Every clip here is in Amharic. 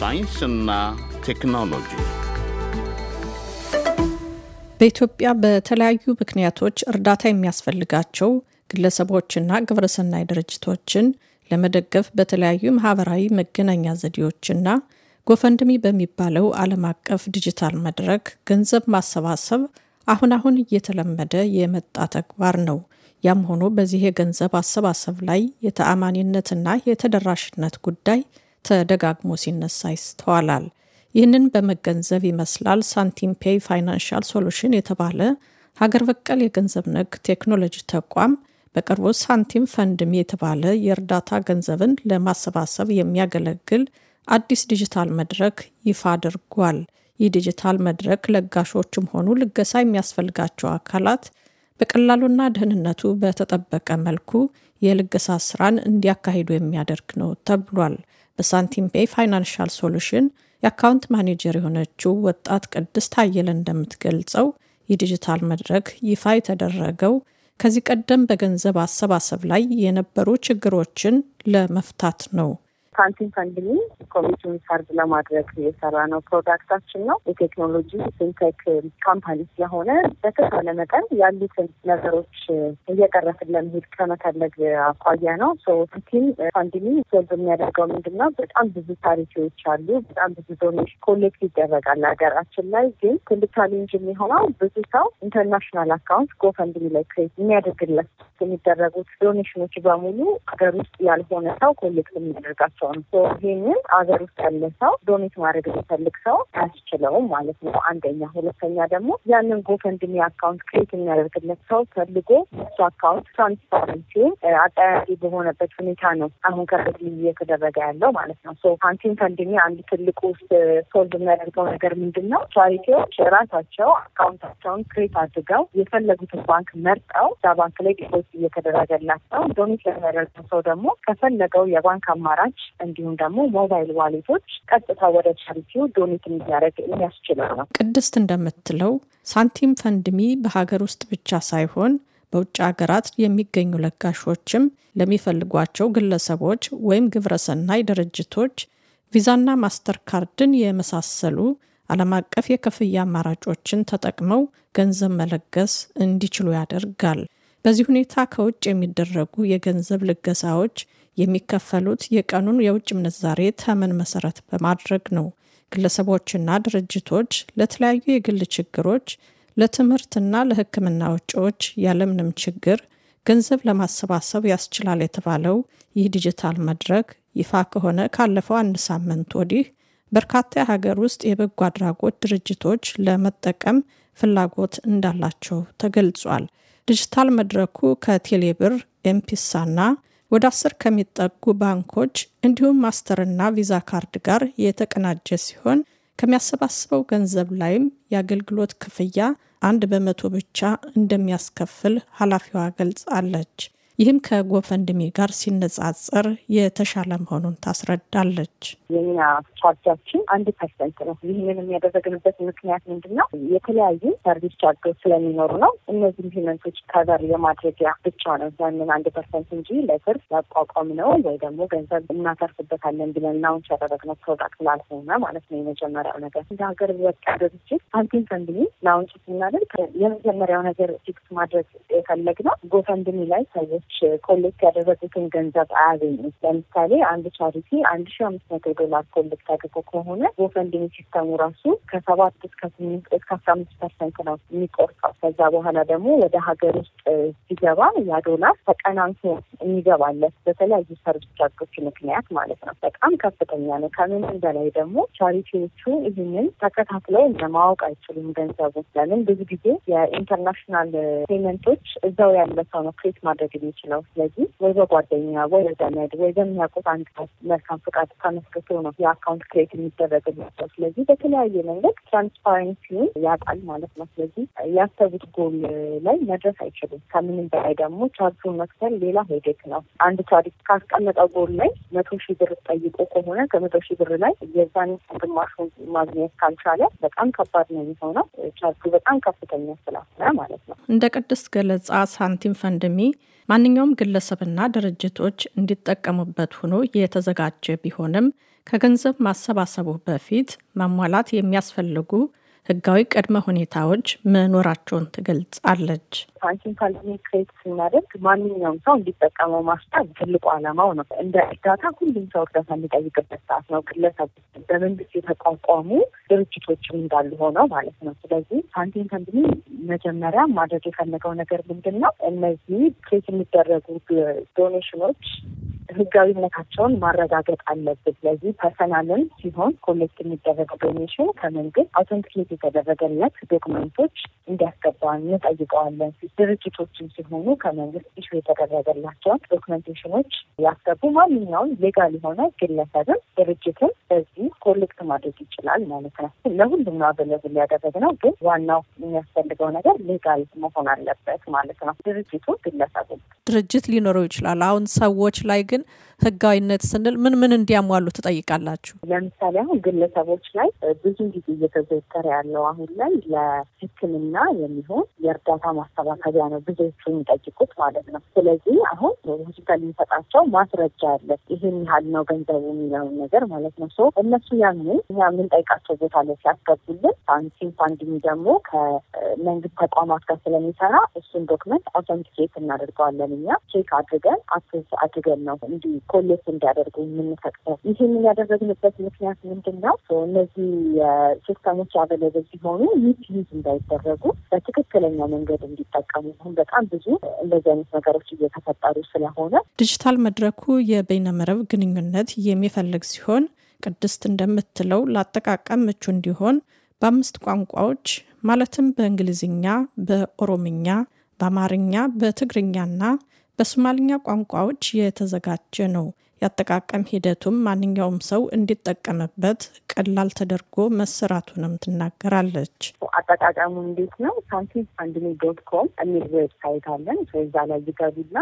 ሳይንስና ቴክኖሎጂ በኢትዮጵያ በተለያዩ ምክንያቶች እርዳታ የሚያስፈልጋቸው ግለሰቦችና ግብረሰናይ ድርጅቶችን ለመደገፍ በተለያዩ ማህበራዊ መገናኛ ዘዴዎችና ጎፈንድሚ በሚባለው ዓለም አቀፍ ዲጂታል መድረክ ገንዘብ ማሰባሰብ አሁን አሁን እየተለመደ የመጣ ተግባር ነው። ያም ሆኖ በዚህ የገንዘብ አሰባሰብ ላይ የተአማኒነትና የተደራሽነት ጉዳይ ተደጋግሞ ሲነሳ ይስተዋላል። ይህንን በመገንዘብ ይመስላል ሳንቲም ፔይ ፋይናንሻል ሶሉሽን የተባለ ሀገር በቀል የገንዘብ ነክ ቴክኖሎጂ ተቋም በቅርቡ ሳንቲም ፈንድም የተባለ የእርዳታ ገንዘብን ለማሰባሰብ የሚያገለግል አዲስ ዲጂታል መድረክ ይፋ አድርጓል። ይህ ዲጂታል መድረክ ለጋሾችም ሆኑ ልገሳ የሚያስፈልጋቸው አካላት በቀላሉና ደህንነቱ በተጠበቀ መልኩ የልገሳ ስራን እንዲያካሂዱ የሚያደርግ ነው ተብሏል። በሳንቲም ፔይ ፋይናንሻል ሶሉሽን የአካውንት ማኔጀር የሆነችው ወጣት ቅድስት አየለ እንደምትገልጸው የዲጂታል መድረክ ይፋ የተደረገው ከዚህ ቀደም በገንዘብ አሰባሰብ ላይ የነበሩ ችግሮችን ለመፍታት ነው። ሳንቲም ፈንድሚ ኮሚሽን ሪካርድ ለማድረግ የሰራ ነው ፕሮዳክታችን ነው። የቴክኖሎጂ ፊንቴክ ካምፓኒ ስለሆነ በተቻለ መጠን ያሉትን ነገሮች እየቀረፍን ለመሄድ ከመፈለግ አኳያ ነው። ሳንቲም ፈንድሚ ሶልቭ የሚያደርገው ምንድን ነው? በጣም ብዙ ቻሪቲዎች አሉ። በጣም ብዙ ዶኔሽን ኮሌክት ይደረጋል ሀገራችን ላይ። ግን ትልቅ ቻሌንጅ የሚሆነው ብዙ ሰው ኢንተርናሽናል አካውንት ጎፈንድሚ ላይ ክሬት የሚያደርግለት የሚደረጉት ዶኔሽኖች በሙሉ ሀገር ውስጥ ያልሆነ ሰው ኮሌክት የሚያደርጋቸው አይችለውም። ይህንን አገር ውስጥ ያለ ሰው ዶኔት ማድረግ የሚፈልግ ሰው አያስችለውም ማለት ነው። አንደኛ። ሁለተኛ ደግሞ ያንን ጎፈንድሚ አካውንት ክሬት የሚያደርግለት ሰው ፈልጎ እሱ አካውንት ትራንስፓረንሲ አጠያቂ በሆነበት ሁኔታ ነው አሁን ከፍት እየተደረገ ያለው ማለት ነው። አንቲም ፈንድሚ አንድ ትልቁ ውስጥ የሚያደርገው ነገር ምንድን ነው? ቻሪቲዎች ራሳቸው አካውንታቸውን ክሬት አድርገው የፈለጉትን ባንክ መርጠው እዛ ባንክ ላይ ዲፖዚት እየተደረገላቸው ዶኔት ለሚያደርገው ሰው ደግሞ ከፈለገው የባንክ አማራጭ እንዲሁም ደግሞ ሞባይል ዋሌቶች ቀጥታ ወደ ቻሪቲው ዶኔት እንዲያደርግ የሚያስችለው ነው። ቅድስት እንደምትለው ሳንቲም ፈንድሚ በሀገር ውስጥ ብቻ ሳይሆን በውጭ ሀገራት የሚገኙ ለጋሾችም ለሚፈልጓቸው ግለሰቦች ወይም ግብረሰናይ ድርጅቶች ቪዛና ማስተርካርድን የመሳሰሉ ዓለም አቀፍ የክፍያ አማራጮችን ተጠቅመው ገንዘብ መለገስ እንዲችሉ ያደርጋል። በዚህ ሁኔታ ከውጭ የሚደረጉ የገንዘብ ልገሳዎች የሚከፈሉት የቀኑን የውጭ ምንዛሬ ተመን መሰረት በማድረግ ነው። ግለሰቦችና ድርጅቶች ለተለያዩ የግል ችግሮች፣ ለትምህርትና ለሕክምና ወጪዎች ያለምንም ችግር ገንዘብ ለማሰባሰብ ያስችላል የተባለው ይህ ዲጂታል መድረክ ይፋ ከሆነ ካለፈው አንድ ሳምንት ወዲህ በርካታ የሀገር ውስጥ የበጎ አድራጎት ድርጅቶች ለመጠቀም ፍላጎት እንዳላቸው ተገልጿል። ዲጂታል መድረኩ ከቴሌብር ኤምፒሳና ወደ አስር ከሚጠጉ ባንኮች እንዲሁም ማስተርና ቪዛ ካርድ ጋር የተቀናጀ ሲሆን ከሚያሰባስበው ገንዘብ ላይም የአገልግሎት ክፍያ አንድ በመቶ ብቻ እንደሚያስከፍል ኃላፊዋ ገልጻለች። ይህም ከጎፈንድሚ ጋር ሲነጻጸር የተሻለ መሆኑን ታስረዳለች። የኛ ቻርጃችን አንድ ፐርሰንት ነው። ይህንን የሚያደረግንበት ምክንያት ምንድን ነው? የተለያዩ ሰርቪስ ቻርጆች ስለሚኖሩ ነው። እነዚህ ፔመንቶች ከበር የማድረጊያ ብቻ ነው ያንን አንድ ፐርሰንት እንጂ ለትርፍ ያቋቋም ነው ወይ ደግሞ ገንዘብ እናተርፍበታለን ብለን እናውን ያደረግነው ፕሮዳክት ላልሆነ ማለት ነው። የመጀመሪያው ነገር እንደ ሀገር በቃ ድርጅት አንቲን ፈንድሚ ላውንች ስናደርግ የመጀመሪያው ነገር ፊክስ ማድረግ የፈለግነው ጎፈንድሚ ላይ ሰዎች ሰዎች ኮሌክት ያደረጉትን ገንዘብ አያገኙም። ለምሳሌ አንድ ቻሪቲ አንድ ሺ አምስት መቶ ዶላር ኮሌክት አድርጎ ከሆነ የፈንዲንግ ሲስተሙ ራሱ ከሰባት እስከ ስምንት እስከ አስራ አምስት ፐርሰንት ነው የሚቆርጠው። ከዛ በኋላ ደግሞ ወደ ሀገር ውስጥ ሲገባ ያ ዶላር ተቀናንሶ የሚገባለት በተለያዩ ሰርቪስ ቻርጆች ምክንያት ማለት ነው በጣም ከፍተኛ ነው። ከምንም በላይ ደግሞ ቻሪቲዎቹ ይህንን ተከታትለው ለማወቅ አይችሉም ገንዘቡ ለምን ብዙ ጊዜ የኢንተርናሽናል ፔመንቶች እዛው ያለ ሰው ነው ክሬት ማድረግ የሚችል የምንችለው። ስለዚህ ወይ በጓደኛ ወይ በዘመድ ወይ በሚያውቁት አንድ መልካም ፍቃድ ተመስርቶ ነው የአካውንት ክሬት የሚደረግላቸው። ስለዚህ በተለያየ መንገድ ትራንስፓረንሲውን ያጣል ማለት ነው። ስለዚህ ያሰቡት ጎል ላይ መድረስ አይችሉም። ከምንም በላይ ደግሞ ቻርጁን መክፈል ሌላ ሄደክ ነው። አንድ ታሪክ ካስቀመጠው ጎል ላይ መቶ ሺህ ብር ጠይቆ ከሆነ ከመቶ ሺህ ብር ላይ የዛን ግማሹን ማግኘት ካልቻለ በጣም ከባድ ነው የሚሆነው። ቻርጁ በጣም ከፍተኛ ስላለ ማለት ነው እንደ ቅድስት ገለጻ ሳንቲም ፈንድሚ ማንኛውም ግለሰብና ድርጅቶች እንዲጠቀሙበት ሆኖ የተዘጋጀ ቢሆንም ከገንዘብ ማሰባሰቡ በፊት መሟላት የሚያስፈልጉ ህጋዊ ቅድመ ሁኔታዎች መኖራቸውን ትገልጻለች። ሳይንቲንካል ክሬት ስናደርግ ማንኛውም ሰው እንዲጠቀመው ማስታብ ትልቁ ዓላማው ነው። እንደ እርዳታ ሁሉም ሰው እርዳታ የሚጠይቅበት ሰዓት ነው። ግለሰብ በመንግስት የተቋቋሙ ድርጅቶችም እንዳሉ ሆነው ማለት ነው። ስለዚህ ሳንቲም ከምፕኒ መጀመሪያ ማድረግ የፈለገው ነገር ምንድን ነው? እነዚህ ክሬት የሚደረጉ ዶኔሽኖች ህጋዊነታቸውን ማረጋገጥ አለብን። ስለዚህ ፐርሰናልን ሲሆን ኮሌክት የሚደረገ ዶኔሽን ከመንግስት አውተንቲኬት የተደረገለት ዶክመንቶች እንዲያስገባ እንጠይቀዋለን። ድርጅቶችን ሲሆኑ ከመንግስት ኢሹ የተደረገላቸውን ዶክመንቴሽኖች ያስገቡ። ማንኛውም ሌጋል የሆነ ግለሰብም ድርጅትም በዚህ ኮሌክት ማድረግ ይችላል ማለት ነው። ለሁሉም ነው አቬለብል ነው። ግን ዋናው የሚያስፈልገው ነገር ሌጋል መሆን አለበት ማለት ነው። ድርጅቱ ግለሰቡ ድርጅት ሊኖረው ይችላል። አሁን ሰዎች ላይ ግን ግን ህጋዊነት ስንል ምን ምን እንዲያሟሉ ትጠይቃላችሁ? ለምሳሌ አሁን ግለሰቦች ላይ ብዙ ጊዜ እየተዘወተረ ያለው አሁን ላይ ለህክምና የሚሆን የእርዳታ ማስተባከቢያ ነው ብዙዎቹ የሚጠይቁት ማለት ነው። ስለዚህ አሁን ሆስፒታል የሚሰጣቸው ማስረጃ አለ ይህን ያህል ነው ገንዘቡ የሚለውን ነገር ማለት ነው። ሶ እነሱ ያንን እኛ የምንጠይቃቸው ቦታ ላይ ሲያስገቡልን ሳንሲም ፋንድሚ ደግሞ ከመንግስት ተቋማት ጋር ስለሚሰራ እሱን ዶክመንት አውተንቲኬት እናደርገዋለን እኛ ቼክ አድርገን አፕሮቭ አድርገን ነው እንዲኮሌት እንዲያደርጉ የምንፈቅደው። ይህንን ያደረግንበት ምክንያት ምንድን ነው? እነዚህ ሲስተሞች አበለብል ሲሆኑ ዩዝ እንዳይደረጉ በትክክለኛ መንገድ እንዲጠቀሙ። ሁን በጣም ብዙ እንደዚህ አይነት ነገሮች እየተፈጠሩ ስለሆነ ዲጂታል መድረኩ የበይነመረብ ግንኙነት የሚፈልግ ሲሆን ቅድስት እንደምትለው ለአጠቃቀም ምቹ እንዲሆን በአምስት ቋንቋዎች ማለትም በእንግሊዝኛ፣ በኦሮምኛ፣ በአማርኛ፣ በትግርኛና በሶማልኛ ቋንቋዎች የተዘጋጀ ነው። ያጠቃቀም ሂደቱም ማንኛውም ሰው እንዲጠቀምበት ቀላል ተደርጎ መሰራቱንም ትናገራለች። አጠቃቀሙ እንዴት ነው? ሳንቲስ አንድ ዶት ኮም የሚል ዌብሳይት አለን። እዛ ላይ ይገቡና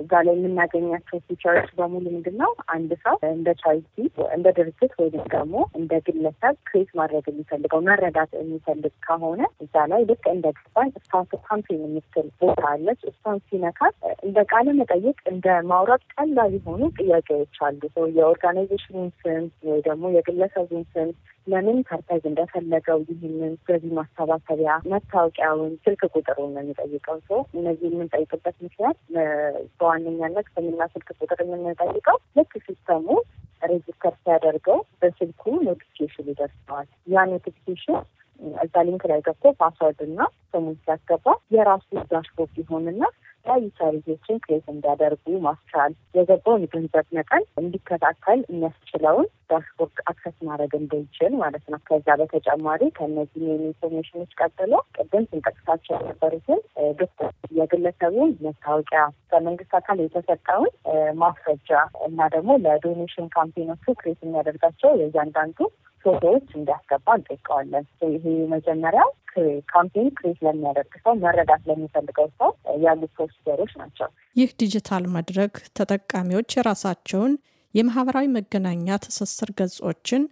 እዛ ላይ የምናገኛቸው ፊቸሮች በሙሉ ምንድን ነው አንድ ሰው እንደ ቻሪቲ እንደ ድርጅት ወይም ደግሞ እንደ ግለሰብ ክሬት ማድረግ የሚፈልገው መረዳት የሚፈልግ ከሆነ እዛ ላይ ልክ እንደ ገባን ስታንስ ሳንቲም የምትል ቦታ አለች። እሷን ሲነካት እንደ ቃለ መጠየቅ እንደ ማውራት ቀላል የሆኑ ጥያቄዎች አሉ። የኦርጋናይዜሽኑን ስም ወይ ደግሞ የግለሰቡን ስም ለምን ፐርፐዝ እንደፈለገው ይህንን በዚህ ማሰባሰቢያ መታወቂያውን፣ ስልክ ቁጥሩን ነው የሚጠይቀው ሰው። እነዚህ የምንጠይቅበት ምክንያት በዋነኛነት ስምና ስልክ ቁጥር የምንጠይቀው ልክ ሲስተሙ ሬጅስተር ሲያደርገው በስልኩ ኖቲፊኬሽን ይደርሰዋል። ያ ኖቲፊኬሽን እዛ ሊንክ ላይ ገብቶ ፓስወርድና ስሙን ሲያስገባ የራሱ ዳሽቦርድ ይሆንና የተለያዩ ሰርቪሶችን ክሬት እንዲያደርጉ ማስቻል፣ የገባውን የገንዘብ መጠን እንዲከታተል የሚያስችለውን ዳሽቦርድ አክሰስ ማድረግ እንድንችል ማለት ነው። ከዛ በተጨማሪ ከእነዚህ ኢንፎርሜሽኖች ቀጥሎ ቅድም ስንጠቅሳቸው የነበሩትን የግለሰቡን መታወቂያ በመንግስት አካል የተሰጠውን ማስረጃ እና ደግሞ ለዶኔሽን ካምፔኖቹ ክሬት የሚያደርጋቸው የእያንዳንዱ ፎቶዎች እንዲያስገባ እንጠይቀዋለን። ይሄ መጀመሪያው ካምፔን ክሬት ለሚያደርግ ሰው መረዳት ለሚፈልገው ሰው ያሉት ፕሮሲጀሮች ናቸው። ይህ ዲጂታል መድረክ ተጠቃሚዎች የራሳቸውን የማህበራዊ መገናኛ ትስስር ገጾችን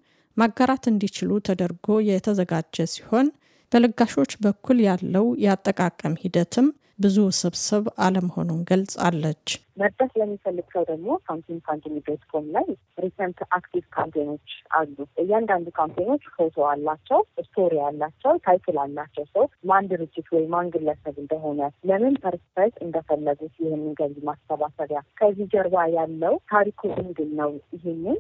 ማጋራት እንዲችሉ ተደርጎ የተዘጋጀ ሲሆን በለጋሾች በኩል ያለው የአጠቃቀም ሂደትም ብዙ ውስብስብ አለመሆኑን ገልጻለች። መድረስ ለሚፈልግ ሰው ደግሞ ሳምቲንግ ካምፔኒ ዶት ኮም ላይ ሪሰንት አክቲቭ ካምፔኖች አሉ። እያንዳንዱ ካምፔኖች ፎቶ አላቸው፣ ስቶሪ አላቸው፣ ታይትል አላቸው። ሰው ማን ድርጅት ወይ ማን ግለሰብ እንደሆነ ለምን ፐርስፐዝ እንደፈለጉት ይህንን ገቢ ማሰባሰቢያ ከዚህ ጀርባ ያለው ታሪኩ ምንድን ነው? ይህንን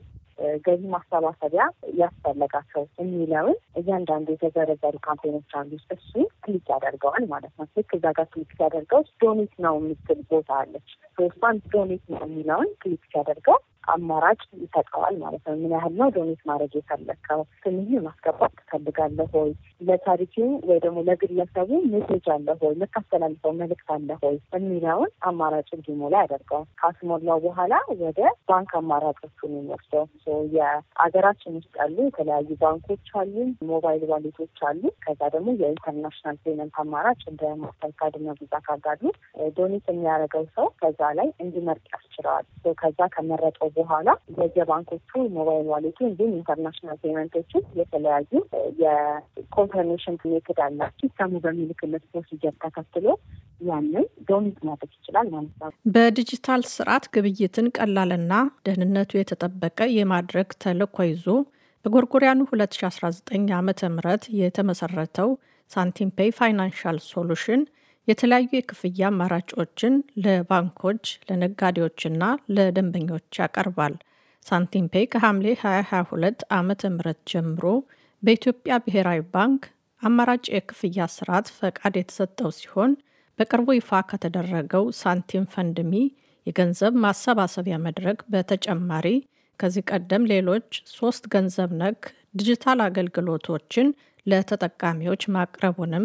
ገቢ ማሰባሰቢያ ያስፈለጋቸው የሚለውን እያንዳንዱ የተዘረዘሩ ካምፔኖች አሉ። እሱ ክሊክ ያደርገዋል ማለት ነው። ልክ እዛ ጋር ክሊክ ሲያደርገው ዶኔት ነው የምትል ቦታ አለች። እሷን ዶኔት ነው የሚለውን ክሊክ ሲያደርገው አማራጭ ይሰጠዋል ማለት ነው። ምን ያህል ነው ዶኔት ማድረግ የፈለግከው? ስምህን ማስገባት ትፈልጋለህ ሆይ? ለቻሪቲው ወይ ደግሞ ለግለሰቡ ሜሴጅ አለ ሆይ፣ ልታስተላልፈው መልእክት አለ ሆይ የሚለውን አማራጭ እንዲሞላ ያደርገው ካስሞላው በኋላ ወደ ባንክ አማራጮቹን የሚወስደው የአገራችን ውስጥ ያሉ የተለያዩ ባንኮች አሉ፣ ሞባይል ዋሌቶች አሉ። ከዛ ደግሞ የኢንተርናሽናል ፔመንት አማራጭ እንደ ማስተርካርድ እና ቪዛ ካርድ አሉ። ዶኔት የሚያደርገው ሰው ከዛ ላይ እንዲመርጥ ያስችለዋል። ከዛ ከመረጠው በኋላ የባንኮቹ ሞባይል ዋሌቱ እንዲሁም ኢንተርናሽናል ፔመንቶችን የተለያዩ የኮንፈርሜሽን ሜትድ አላቸው ሲስተሙ በሚልክለት ፕሮሲጀር ተከትሎ ያንን ዶሚት ማድረግ ይችላል ማለት ነው። በዲጂታል ስርዓት ግብይትን ቀላልና ደህንነቱ የተጠበቀ የማድረግ ተልዕኮ ይዞ በጎርጎሪያኑ 2019 ዓ ም የተመሰረተው ሳንቲምፔይ ፋይናንሻል ሶሉሽን የተለያዩ የክፍያ አማራጮችን ለባንኮች፣ ለነጋዴዎችና ለደንበኞች ያቀርባል። ሳንቲምፔ ከሐምሌ 2022 ዓመተ ም ጀምሮ በኢትዮጵያ ብሔራዊ ባንክ አማራጭ የክፍያ ስርዓት ፈቃድ የተሰጠው ሲሆን በቅርቡ ይፋ ከተደረገው ሳንቲም ፈንድሚ የገንዘብ ማሰባሰቢያ መድረክ በተጨማሪ ከዚህ ቀደም ሌሎች ሶስት ገንዘብ ነክ ዲጂታል አገልግሎቶችን ለተጠቃሚዎች ማቅረቡንም